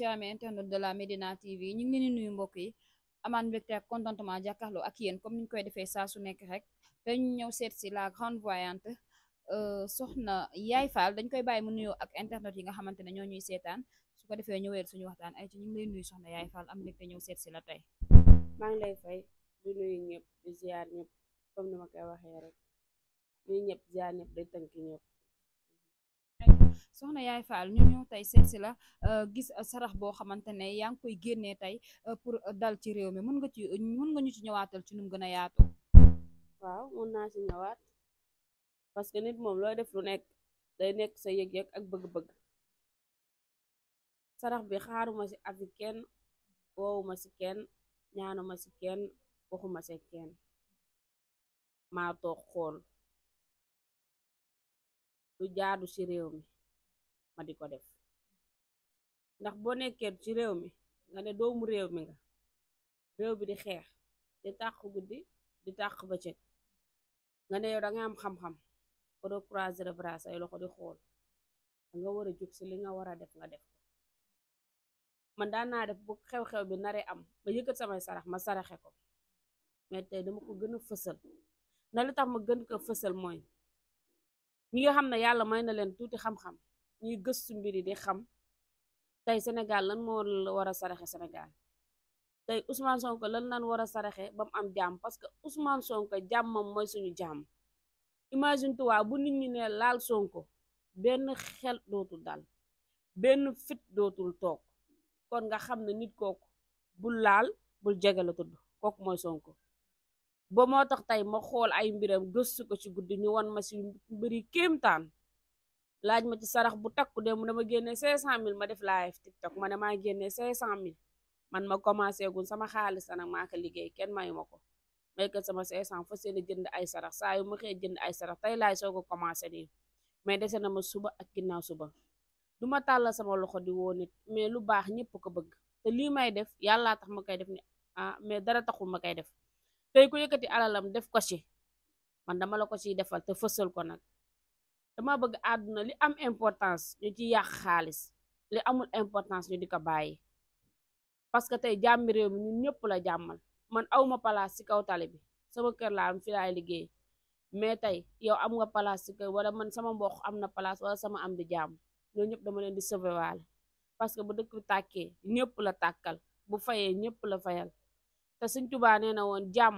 chers amis de la Médina TV ñu ngi leen di nuyu mbokk yi amaan mbégte ak contentement jàkkaarloo ak yéen comme niñ koy defee saa su nekk rek dañu ñëw seet si la grande voyante euh, soxna Yaay Fall dañ koy bàyyi mu nuyoo ak internet yi nga xamante ne ñoo ñuy seetaan su ko defee ñëweel suñu waxtaan ay ci ñu ngi lay nuyu soxna Yaay Fall am mbégte ñëw seet si la tey maa ngi lay fay di nuyu ñëpp di ziar ñëpp comme ma koy waxee rek ñëpp ziar ñëpp soxna Yaay Fall ñu ñëw tey seet si la euh, gis euh, sarax boo xamante ne yaa ngi koy génnee tey euh, pour dal ci réew mi mën nga ci mën nga ñu ci ñëwaatal ci nu gën a yaatu. waaw mën naa ci ñëwaat parce que nit moom looy def lu nekk day nekk sa yëg-yëg ak bëgg-bëgg sarax bi xaaruma ci afi kenn woowuma ci kenn ñaanuma ci kenn waxuma ci kenn maa toog xool lu jaadu ci réew mi. ma di ko def ndax boo nekkee ci réew mi nga ne doomu réew mi nga réew bi di xeex di tàq guddi di tàq ba bëccëg nga ne yow danga am xam-xam ko doo croiser les bras ay loxo di xool nga war a jug si li nga war a def nga def ko man daan naa def bu xew-xew bi nare am ba yëkkat samay sarax ma saraxe ko mais tey dama ko gën a fësal na li tax ma gën ko fësal mooy ñi xam ne yàlla may na leen tuuti xam-xam ñuy gëstu mbiri di xam tey Sénégal lan moo war a saraxe Sénégal tey Ousmane Sonko lan lan war a saraxe ba mu am jàmm parce que Ousmane Sonko jàmmam mooy suñu jàmm imagine toi bu nit ñi ne laal Sonko benn xel dootul dal benn fit dootul toog kon nga xam ne nit kooku bu laal bul jege la tudd kooku mooy Sonko ba moo tax tey ma xool ay mbiram gëstu ko ci guddi ñu wan ma si mbiri kéemtaan laaj ma ci sarax bu takku démb dama génne 500000 ma def live tiktok ma ne maa génne 500000 man ma commencé gun sama xaalis nag maa ko liggéey kenn mayu ma ko may kat sama 500 fas yéene jënd ay sarax saa yu ma xëy jënd ay sarax tey laay soog a commencé nii mais dese na ma suba ak ginnaaw suba du ma tàllal sama loxo di woo nit mais lu baax ñëpp ko bëgg te lii may def yàllaa tax ma koy def ne ah mais dara taxul ma koy def tey ku yëkkati alalam def ko ci man dama la ko ciy defal te fësal ko nag. dama bëgg àdduna li am importance ñu ci yàq xaalis li amul importance ñu di ko bàyyi parce que tey jàmmi réew mi ñun ñëpp la jàmmal man awma place ci kaw tali bi sama kër la am fi laay liggéey mais tey yow am nga place ci kër wala man sama mbokk am na place wala sama am di jàmm ñoo ñëpp dama leen di sauver waale parce que bu dëkk bi tàkkee ñëpp la tàkkal bu fayee ñëpp la fayal te Sëñ Tuubaa na woon jàmm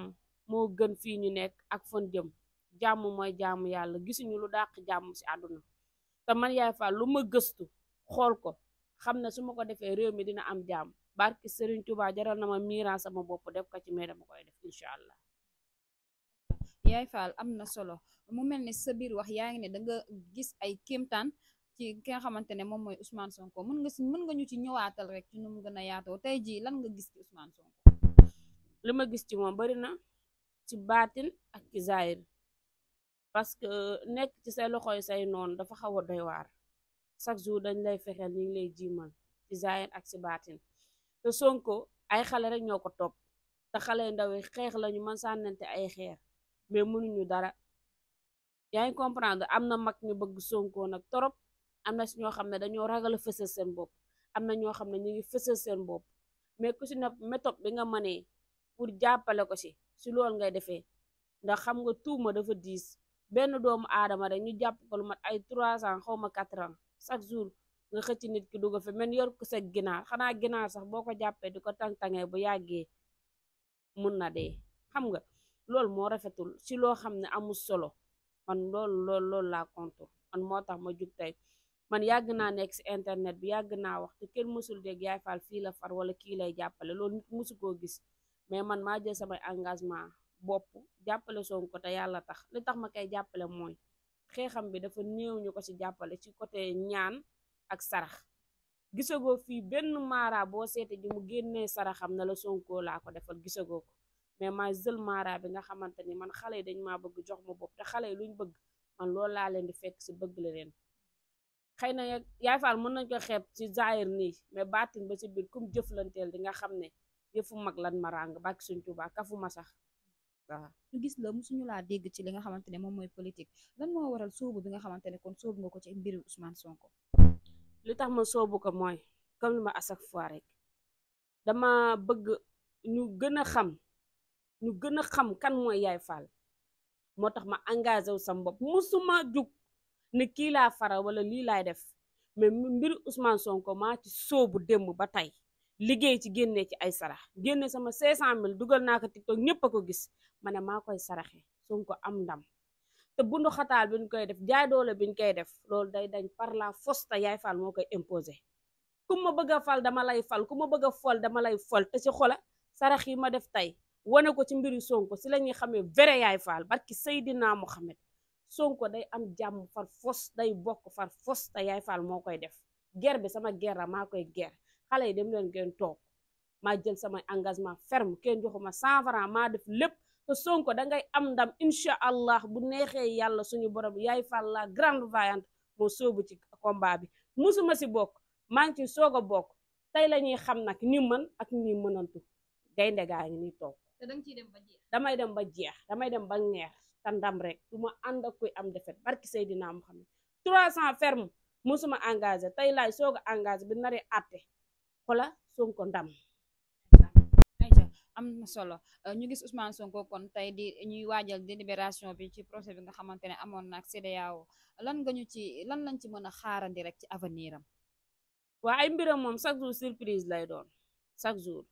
moo gën fii ñu nekk ak fon jëm jàmm mooy jàmm yàlla gisuñu lu dàq jàmm si àdduna te man yaay Fall lu ma gëstu xool ko xam ne su ma ko defee réew mi dina am jàmm barki Serigne Touba jaral na ma miiraan sama bopp def ko ci mais dama koy def incha allah. yaay Fall am na solo mu mel ne sa biir wax yaa ngi ne da nga gis ay kéemtaan ci ki nga xamante ne moom mooy Ousmane Sonko mën nga si mën nga ñu ci ñëwaatal rek ci nu gën a yaatoo tey jii lan nga gis ci Ousmane Sonko. li ma gis ci moom bari baatin ak parce que nekk ci say loxo yi say noonu dafa xaw a doy waar chaque jour dañ lay fexeel ñu ngi lay jiimal ci zaahir ak si baatin te Sonko ay xale rek ñoo ko topp te xale ndaw yi xeex lañu mën sànnante ay xeer mais mënuñu dara yaa ngi comprendre am na mag ñu bëgg Sonko nag torop am na si ñoo xam ne dañoo ragal a seen bopp am na ñoo xam ne ñu ngi fësal seen bopp mais ku si ne méthode bi nga mënee pour jàppale ko si si loolu ngay defee ndax xam nga tuuma dafa diis benn doomu aadama rek ñu jàpp ko lu mat ay trois ans xawma ma quatre ans chaque jour nga xëcc nit ki duga fi men yor ko sa ginaar xanaa ginaar sax boo ko jàppee di ko tàng-tàngee bu yàggee mun na dee xam nga loolu moo rafetul si loo xam ne amul solo man loolu loolu laa kontu man moo tax ma jug tey man yàgg naa nekk si internet bi yàgg naa wax te kenn mësul dégg yaay faal fii la far wala kii lay jàppale lool nit mësu koo gis mais man maa jël samay engagement bopp jàppale Sonko te yàlla tax li tax ma koy jàppale mooy xeexam bi dafa néew ñu ko ci jàppale ci côté ñaan ak sarax gisagoo fii benn maara boo seete ji mu génnee saraxam na la Sonko laa ko defal gisagoo ko mais ma jël maara bi nga xamante ni man xale yi dañ ma bëgg jox ma bopp te xale yi luñ bëgg man loolu laa leen di fekk ci bëgg la leen xëy na yaay faal mën nañ ko xeeb ci zaahir nii mais baatin ba si biir kum jëflanteel di nga xam ne yëfu mag lan ma ràng bàkki suñ Tuubaa kafuma sax waaw ñu gis la musuñu laa dégg ci li nga xamante ne moom mooy politique lan moo waral soobu bi nga xamante ne kon soobu nga ko ci mbiru Ousmane Sonko. li tax ma soobu ko mooy comme li ma à chaque fois rek dama bëgg ñu gën a xam ñu gën a xam kan mooy Yaay Fall moo tax ma engagé wu sam bopp musuma jug ne kii laa fara wala lii laay def mais mbiru Ousmane Sonko maa ci soobu démb ba tey. liggéey ci génne ci ay sarax génne sama mille dugal naa ko TikTok ñëpp a ko gis ma ne maa koy saraxe Sonko am ndam te bundu xataal bi ñu koy def jaay doole bi ñu koy def loolu day dañ parla la yaay fal moo koy imposer ku ma bëgg a fal dama lay fal ku ma bëgg a fol dama lay fol te ci xola sarax yi ma def tey wane ko ci mbiri Sonko si lañuy xamee vrai yaay faal barki Seydina Mohamed Sonko day am jàmm far fos day bokk far fos te yaay faal moo koy def guerre bi sama guerre maa koy guerre xale yi dem leen ngeen toog maa jël sama engagement ferme kenn joxuma cent franc ma def lépp te Sonko da ngay am ndam incha allah bu neexee yàlla suñu borom yaay fal la grande vaillante moo soobu ci combat bi musuma si bokk maa ngi ci soog a bokk tey la ñuy xam nag ñi mën ak ñi mënantu gaynde gaa ngi nii toog damay dem ba jeex damay dem ba ñeer te ndam rek du ma ànd ak kuy am defet barki Seydina Muhammad 300 ferme musuma engagé tey laay soog a engagé bi nari atte la Sonko ndam am na solo euh, ñu gis Ousmane Sonko kon tey di ñuy waajal délibération bi ci procès bi nga xamante ne amoon na ak CEDEAO lan nga ñu ci lan lañ ci mën a xaarandi rek ci avenir am waa ay mbiram moom chaque jour surprise lay doon chaque jour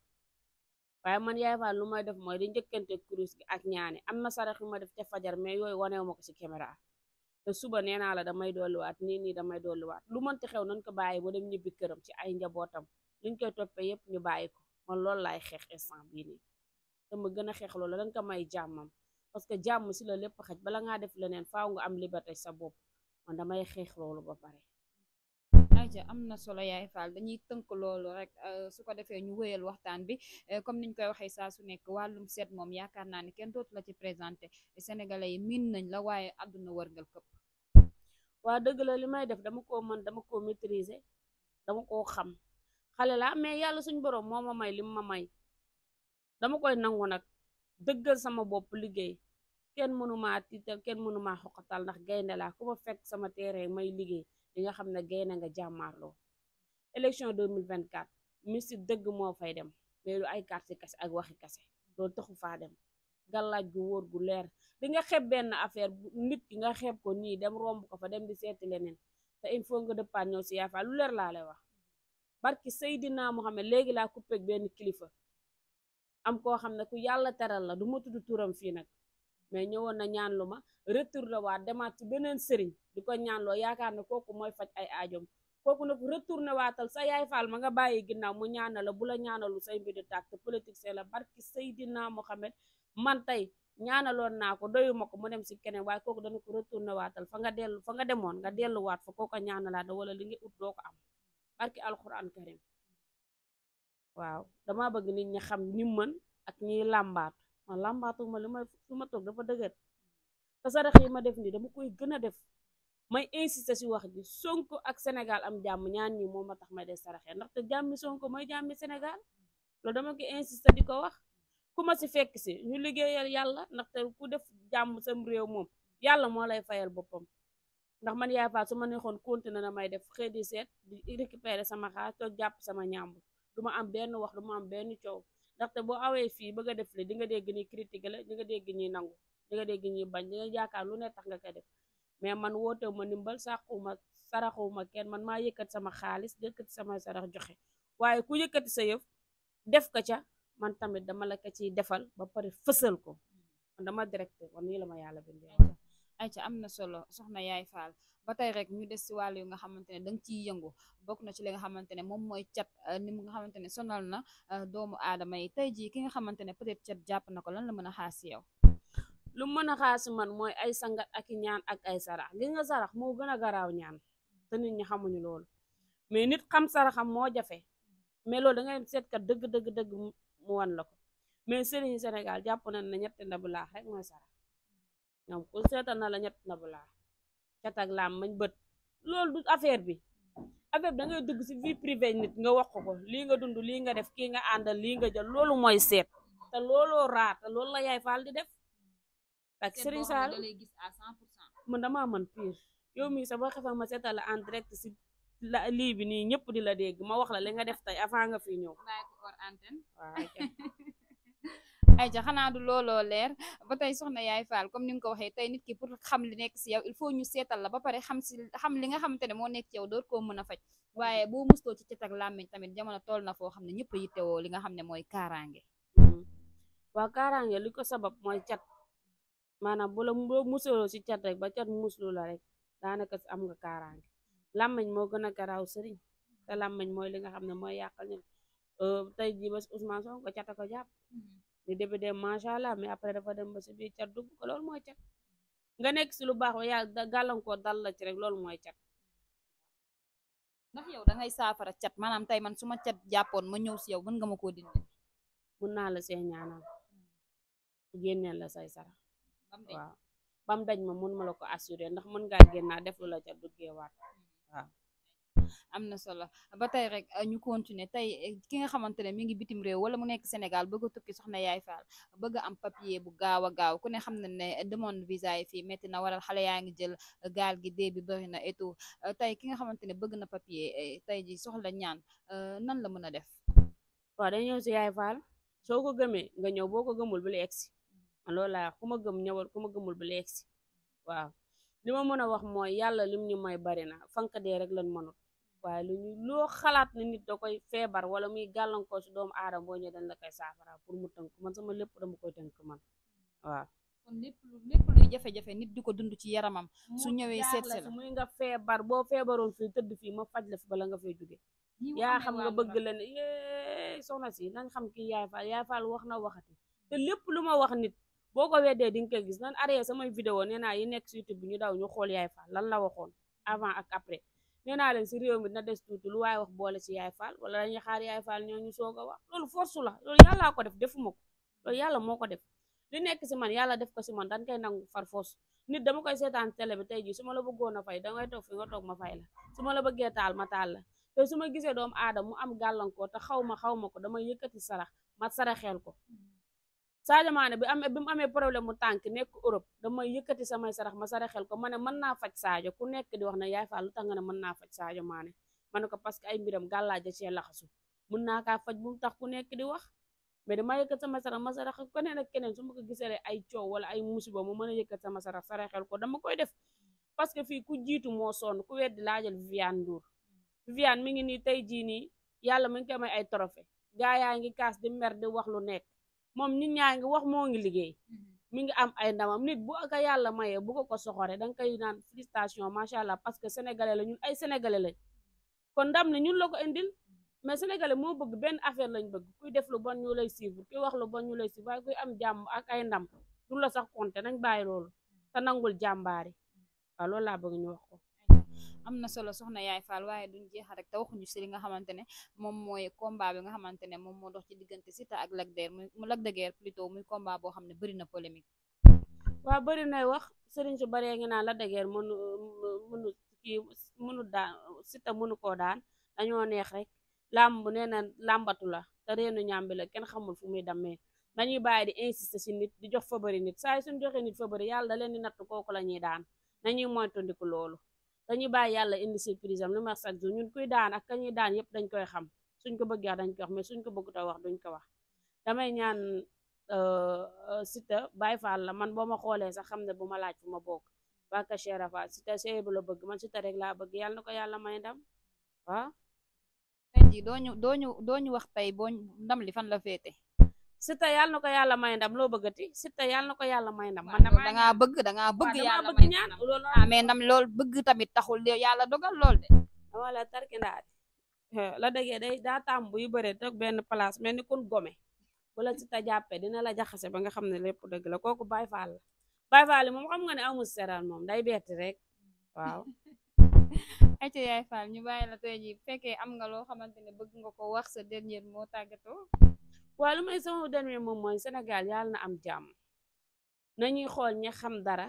waaye man yaay faal lu may def mooy di njëkkante kurus ki ak ñaani am na sarax yu ma def te fajar mais yooyu waneewu ma ko ci caméra te suba nee naa la damay dolliwaat nii nii damay dolliwaat lu mënti xew nañ ci ay njabootam liñ koy toppee yépp ñu bàyyi ko man loolu laay xeex instant bii nii dama gën a xeex loolu dañ ko may jàmmam parce que jàmm si la lépp xaj bala ngaa def leneen faaw nga am liberté sa bopp man damay xeex loolu ba pare aja am na solo yaay Fall dañuy tënk loolu rek euh, su ko defee ñu wëyal waxtaan bi euh, comme niñ koy waxee saa su nekk wàllum seet moom yaakaar naa ne kenn dootu la ci présenté sénégalais yi miin nañ la waaye àdduna wërngal këpp waa dëgg la li may def dama koo mën dama koo maîtriser dama koo xam xale laa mais yàlla suñ borom moo ma may lim ma may dama koy nangu nag dëggal sama bopp liggéey kenn mënumaa tiital kenn mënumaa xoqatal ndax gaynde laa ku fekk sama terrain may liggéey li nga xam ne gaynde nga jàmmaarloo élection 2024 mystique dëgg moo fay dem mais lu ay carte kase ak waxi kase loolu taxu faa dem gàllaaj gu wóor gu leer di nga xeeb benn affaire nit ki nga xeeb ko nii dem romb ko fa dem di seeti leneen te il faut nga dëppaat ñëw si yaafa lu leer laa lay wax barki Seydina Mohamed léegi laa coupé peg benn kilifa am koo xam ne ku yàlla teral la du ma tudd turam fii nag mais ñëwoon na ñaan lu ma retour waat demaat ci beneen sëriñ di ko ñaanloo yaakaar ne kooku mooy faj ay aajoom kooku nag retourné waatal sa yaay faal ma nga bàyyi ginnaaw mu ñaanal la bu la ñaanalu say mbir di tàkk politique c'est la barki Seydina Mohamed man tey ñaanaloon naa ko doyuma ko mu dem si keneen waaye kooku dana ko retourné waatal fa nga dellu fa nga demoon nga delluwaat fa kooko ñaanalaat wala li nga ut doo ko am barki alxuraan karim waaw dama bëgg nit ña xam ñi mën ak ñiy làmbaatu ma làmbaatu ma li ma fi ma toog dafa dëgër te sarax ma def nii dama koy gën a def may insister si wax ji Sonko ak Sénégal am jàmm ñaan ñi moom ma tax may def saraxee ndaxte jàmmi Sonko mooy jàmmi Sénégal loolu dama ko insister di ko wax ku ma si fekk si ñu liggéeyal yàlla ndaxte ku def jàmm sem réew moom yàlla moo lay fayal boppam ndax man yaay faat su ma neexoon continuer na may def xëy di seet di sama xaar toog jàpp sama ñàmbur du ma am benn wax du ma am benn coow ndaxte boo awee fii bëgg a def li di nga dégg ni critique la di nga dégg ñi nangu di nga dégg ñi bañ di nga lu ne tax nga koy def mais man wootewu ma ndimbal sàquma saraxuma kenn man maa yëkkati sama xaalis yëkkati sama sarax joxe waaye ku yëkkati sa yëf def ko ca man tamit dama la ko ciy defal ba pare fësal ko man dama directe nii la ma yàlla bindee ay ca am na solo soxna yaay faal ba tey rek ñu des si wàll yu nga xamante ne danga ci yëngu bokk na ci li nga xamante ne moom mooy cat euh, ni mu nga xamante ne sonal na euh, doomu aadama yi tey jii ki nga xamante ne peut-être cat jàpp na ko lan la mën a xaar si yow lu mën a xaar si man mooy ay sangat ak i ñaan ak ay sarax gis nga sarax moo gën a garaaw ñaan te nit ñi xamuñu loolu mais nit xam saraxam moo jafe mais loolu da ngay seet kat dëgg dëgg mu wan la ko mais sëriñu Sénégal jàpp nañ ñoom ku seetal na la ñett na bu laa cat ak laam mañ bët loolu du affaire bi affaire bi da ngay dugg si vie privée nit nga wax ko lii nga dund lii nga def kii nga àndal lii nga jël loolu mooy seet te looloo raar te loolu la yaay faal di def ak Serigne Sall man damaa mën pire yow mii sa boo xefee ma seetal la en direct si la lii bi nii ñëpp di la dégg ma wax la li nga def tey avant nga fi ñëw waaw ayca xanaa du looloo leer ba tey soxna yaay faal comme ni nga ko waxee tey nit ki pour xam li nekk si il faut ñu seetal la ba pare xam si xam li nga xamante ne moo nekk ci yow door koo mën a faj waaye boo mustoo ci cat ak tamit jamono tool na foo xam ne ñëpp yittewoo li nga xam ne mooy kaaraange hmm. waaw kaaraange li ko sabab mooy cat maanaam bu la boo musuloo si cat rek ba cat muslu la daanaka am nga kaaraange làmmiñ moo gën a garaaw sëriñ te mooy li xam ne mooy yàqal ñu di de macha allah mais après dafa dem ba si biir cat dugg ko loolu mooy cat nga nekk si lu baax ba yaa gàllankoor dal la ci rek loolu mooy cat. ndax yow da ngay saafara cat maanaam tey man su ma cat jàppoon ma ñëw si yow mën nga ma koo dindi. mun naa la see ñaanal génneel la say sara waaw bam daj ma mun ma la ko assuré ndax mën ngaa génnaa def lu la cat duggeewaat hmm. waaw. am na solo ba tey rek ah, ñu continuer tey eh, ki nga xamante ne mi ngi bitim réew wala mu nekk Sénégal bëgg a tukki soxna Yaay Fall bëgg am papier bu gaaw a gaaw ku ne xam na ne demande visa yi fii metti na waral xale yaa ngi jël gaal gi dee bi bëri na et tout ah, tey ki nga xamante ne bëgg na papier eh, tey ji soxla ñaan ah, nan la mën a def waaw da ñëw si Yaay Fall soo ko gëmee nga ñëw boo ko gëmul bu la egsi a laa ku ma gëm ñëwal ku ma gëmul bu la egsi waaw mën a wax mooy yàlla lim ñu may bari na fank dee rek lan mënul waaye lu loo xalaat ne nit da koy feebar wala muy gàllankoor si doomu aadama boo ñëwee dañ la koy saafara pour mu tënk man sama lépp dama koy tënk man waaw. nit di ko dund ci yaramam. su ñëwee seet si la muy nga feebar boo feebaroon fii tëdd fii ma faj la fi bala nga fay jóge yaa xam nga bëgg la ne yee soxna si nañ xam kii yaay faal yaay faal wax na waxati te lépp lu ma wax nit boo ko weddee di nga koy gis nan arrêté samay video nee naa yi nekk si YouTube bi ñu daw ñu xool yaay faal lan la waxoon avant ak après. nee naa leen si réew mi na des tuuti lu waaye wax boole si yaay faal wala dañuy xaar yaay faal ñoo ñu soog a wax loolu force la loolu yàllaa ko def defuma ko loolu yàlla moo ko def li nekk si man yàlla def ko si man dañ koy nangu far force nit dama koy seetaan télé bi tey jii su ma la bëggoon a fay dangay toog fi nga toog ma fay la su ma la bëggee taal ma taal la te su ma gisee doomu aadama mu am gàllankoor te xaw ma xaw ma ko damay yëkkati sarax ma saraxeel ko Sadio Mané bi am bi mu amee problème mu tànk nekk Europe damay yëkkati samay sarax ma saraxel ko ma ne mën naa faj Sadio ku nekk di wax na yaay Fall lu tax nga ne mën naa faj saajo maane ma ko parce que ay mbiram gàllaaj da cee laxasu mën naa kaa faj bu mu tax ku nekk di wax mais dama yëkkat sama sarax ma sarax keneen ak keneen su ma ko gisee ay coow wala ay musiba mu mën a yëkkat sama sarax xel ko dama koy def parce que fii ku jiitu moo sonn ku weddi laajal Viviane Ndour Viviane mi ngi nii tey jii nii yàlla mi ngi koy may ay trophée gaa yaa ngi kaas di mer di wax lu nekk moom nit ñaa ngi wax moo ngi liggéey mm-hmm. mi ngi am ay ndamam nit bu ko yàlla mayee bu ko ko soxore da nga koy naan félicitation macha allah parce que sénégalais ñun ay sénégalais lañ kon ndam ne ñun la ko indil mais sénégalais moo bëgg benn affaire lañ bëgg kuy def lu bon ñu lay suivre kuy wax lu bon ñu lay suivre waaye kuy am jàmm ak ay ndam du la sax compter nañ bàyyi loolu te nangul jàmbaari waaw loolu laa bëgg ñu wax ko am na solo soxna Yaay Fall waaye duñ jeexal rek te waxuñu si li nga xamante ne moom mooy combat bi nga xamante ne moom moo dox ci diggante Siteu ak Lac de Guiers mu Lac de Guiers plutôt muy combat boo xam ne bëri na polémique. waaw bëri nay wax sëriñ si bëree nga naan la de Guiers mënu mënu kii mënu daan Siteu mënu koo daan dañoo neex rek làmb nee na làmbatu la te reenu ñàmbi la kenn xamul fu muy demee nañuy bàyyi di insister ci nit di jox fa bari nit saa yi suñ joxee nit fa bëri yàlla da leen di natt kooku la ñuy daan nañuy dañuy bàyyi yàlla indi surprise am lu ma chaque jour ñun kuy daan ak kañuy daan yëpp dañ koy xam suñ ko bëgg dañ koy wax mais suñ ko bëgg ta wax duñ ko wax damay ñaan euh, euh, Siteu Baye Fall la man boo ma xoolee sax xam ne bu ma laaj fu ma bokk waaka Cheikh Rafa Siteu Seye bu la bëgg man Siteu rek laa bëgg yàlla na ko yàlla may ndam waaw. Ah. tey jii dooñu ñu doo ñu wax tey booñu ndam li fan la féete. Siteu yàlla na ko yàlla may ndam loo ti Siteu yàlla na ko yàlla may ndam. man da dangaa bëgg dangaa bëgg. yàlla may ndam ah ndam lool bëgg tamit taxul yàlla dogal lool de. wala tarkindaa eh, la dëggee da daa bu buy bëree toog benn place mel ni kun gome wala Siteu jàppee dina la jaxase ba nga xam ne lépp dëgg la kooku bay Fall la Baye Fall moom xam nga ne amul seraan moom day bett rek waaw. ayca yaay Fall ñu bàyyi la tey jii fekkee am nga loo xamante ne bëgg nga ko wax sa dernier mot tàggatoo. waaye lu may sama dernier moom mooy Sénégal yàlla na am jàmm nañuy xool ña xam dara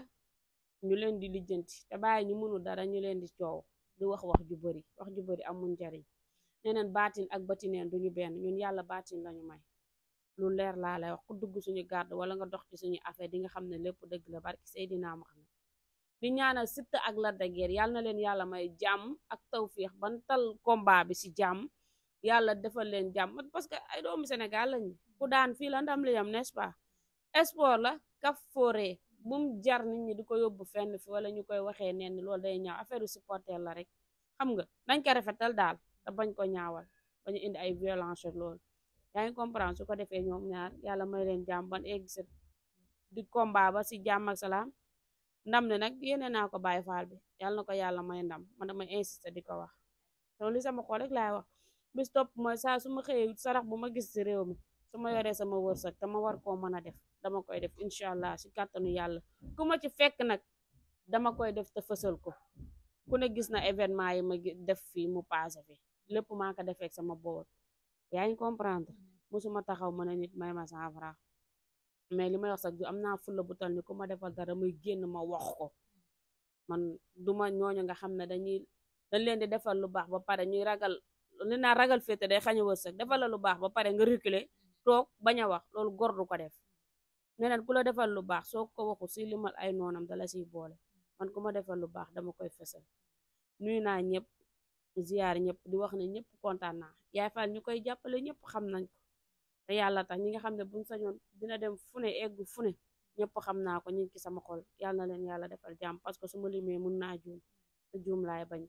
ñu leen di lijjanti te bàyyi ñu mënul dara ñu leen di coow di wax wax ju bëri wax ju bëri amul njariñ neneen baatin ak batineen ñu benn ñun yàlla baatin lañu may lu leer laa lay wax ku dugg suñu garde wala nga dox ci suñu affaire di nga xam ne lépp dëgg la barki Seydina Muhammad di ñaanal Siteu ak Lac de Guiers yàlla na leen yàlla may jàmm ak tawféex ban tal combat bi ci jàmm yàlla defal leen jàmm parce que ay doomu Sénégal lañu ku daan fii la ndam li yam nest pas sport la ka fooree bum jar nit ñi di ko yóbbu fenn fi walla ñu koy waxee neen loolu day ñaaw affaire supporter la rek xam nga dañ ko rafetal daal te bañ ko ñaawal bañu indi ay violence loolu yaa ngi comprendre su ko defee ñoom ñaar yàlla may leen jàmm ban egg sa di combat ba si jàmm ak salaam ndam ne nag yeneen naa ko bàyyi faal bi yàlla na ko yàlla may ndam man damay insister di ko wax bis topp mooy saa su ma xëyee sarax bu ma gis ci réew mi su ma hmm. yoree sama wërsëg te ma war koo mën a def dama koy def incha allah si kàttanu yàlla ku ma ci fekk nag dama koy def te fësal ko ku ne gis na événement yi ma def fii mu paase fi lépp maa ko defee sama boor yaa ngi comprendre musuma taxaw ma ne nit may ma cent francs mais li may wax sax am naa fulla bu tal ni ku ma defal dara muy génn ma wax ko man duma ñooñu nga xam ne dañuy dañ leen di defal li naa ragal féete day xañ a wërsëg defal la lu baax ba pare nga reculer toog bañ a wax loolu gor du ko def nee na ku la defal lu baax soo ko waxu si limal ay noonam dala si boole man ku ma defal lu baax dama koy fesal nuy naa ñëpp ziyaar ñëpp di wax ne ñëpp kontaan naa yaay faal ñu koy jàppale ñëpp xam nañ ko te yàlla tax ñi nga xam ne buñ sañoon dina dem fu ne egg fu ne ñëpp xam naa ko ñu sama xol yàlla na leen yàlla defal jàmm parce que su ma limee mun naa juum te juum laay bañ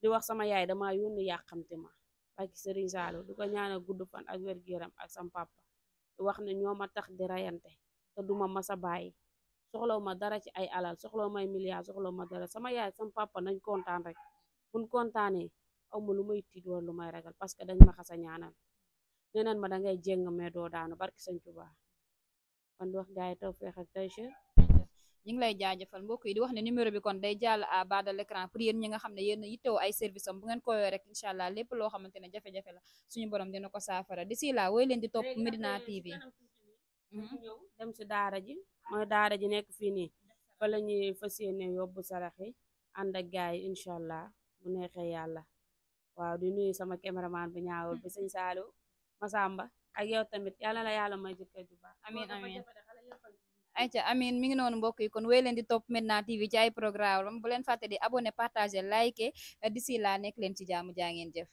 di wax sama yaay dama yónni yàqamti ma ak Serigne Saliou di ko ñaanal gudd fan ak wér gu ak sam papa wax ne ñoo ma tax di rayante te duma masa bàyyi soxlaw ma dara ci ay alal soxlaw may milliards soxlaw ma dara sama yaay sam papa nañ kontaan rek buñ kontaanee awma lu may tiit wala lu may ragal parce que dañ ma xasa ñaanal neneen ma dangay jéng mais doo daanu barki Sëñ Tuubaa kon wax gaa yi ñu ngi lay jaajëfal mbokk yi di wax ne numéro bi kon day jàll à bas de pour yéen ñi nga xam ne yéen a yittewoo ay service am bu ngeen ko rek incha allah lépp loo xamante ne jafe-jafe la suñu borom dina ko saafara di là wooy leen di topp Medina euh, TV mhm. ñëw dem si daara ji mooy daara ji nekk fii nii fa la ñuy fas yéene yóbbu sarax yi ànd ak gaay yi incha allah bu neexee yàlla waaw di nuyu sama cameraman bu ñaawul bi sëñ Saalu Masamba ak yow tamit yàlla la yàlla may ayca amin mi ngi noonu mbokk yi kon wéy leen di topp Medina TV ci ay programme bu leen fàtte di abonné partager like d'ici là nekk leen ci jaamu jaa ngeen jëf